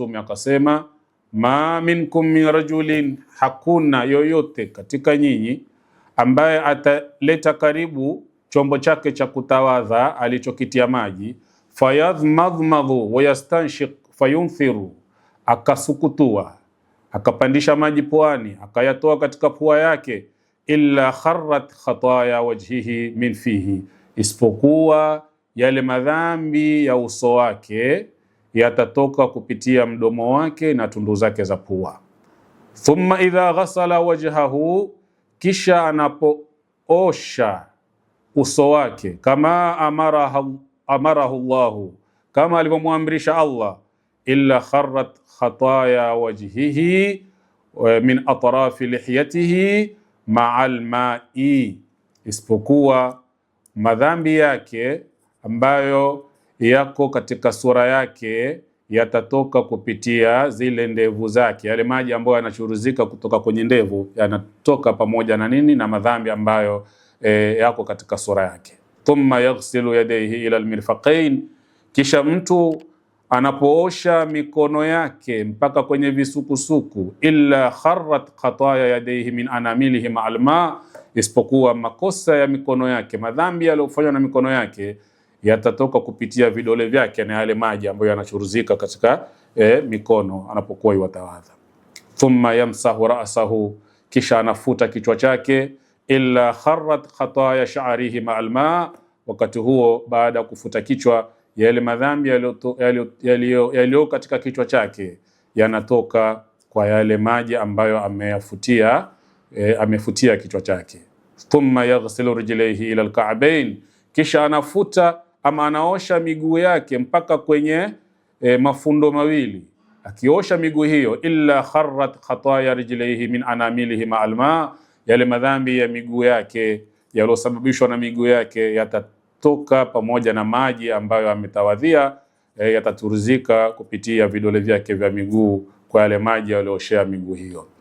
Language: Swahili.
Mtume akasema ma minkum min rajulin, hakuna yoyote katika nyinyi ambaye ataleta karibu chombo chake cha kutawadha alichokitia maji, fayadhmadhmadhu wayastanshiq fayunthiru, akasukutua akapandisha maji puani akayatoa katika pua yake, illa kharrat khataya wajhihi min fihi, isipokuwa yale madhambi ya uso wake yatatoka kupitia mdomo wake na tundu zake za pua. Thumma idha ghasala wajhahu, kisha anapoosha uso wake, kama amarahu, amarahu Allahu, kama alivyomwamrisha Allah, illa kharrat khataya wajhihi eh, min atrafi lihyatihi maa lmai, isipokuwa madhambi yake ambayo yako katika sura yake yatatoka kupitia zile ndevu zake. Yale maji ambayo yanachuruzika kutoka kwenye ndevu yanatoka pamoja na nini? Na madhambi ambayo e, yako katika sura yake. Thumma yaghsilu yadayhi ila almirfaqain, kisha mtu anapoosha mikono yake mpaka kwenye visukusuku. Illa kharrat khataya yadayhi min anamilihi maalma isipokuwa makosa ya mikono yake, madhambi yaliyofanywa na mikono yake yatatoka kupitia vidole vyake na yale maji ambayo yanachuruzika katika e, mikono anapokuwa yuwatawadha. Thumma yamsahu ra'sahu, kisha anafuta kichwa chake. Illa kharrat khataya sha'rihi ma'al ma', wakati huo baada ya kufuta kichwa yale madhambi yaliyo katika kichwa chake yanatoka kwa yale maji ambayo ameyafutia, e, amefutia kichwa chake. Thumma yaghsilu rijlaihi ila alka'bain, kisha anafuta ama anaosha miguu yake mpaka kwenye e, mafundo mawili akiosha miguu hiyo, illa kharrat khataya rijlaihi min anamilihi ma alma, yale madhambi ya miguu yake yaliyosababishwa na miguu yake yatatoka pamoja na maji ambayo ametawadhia, e, yataturuzika kupitia vidole vyake vya miguu kwa yale maji yaliyooshea miguu hiyo.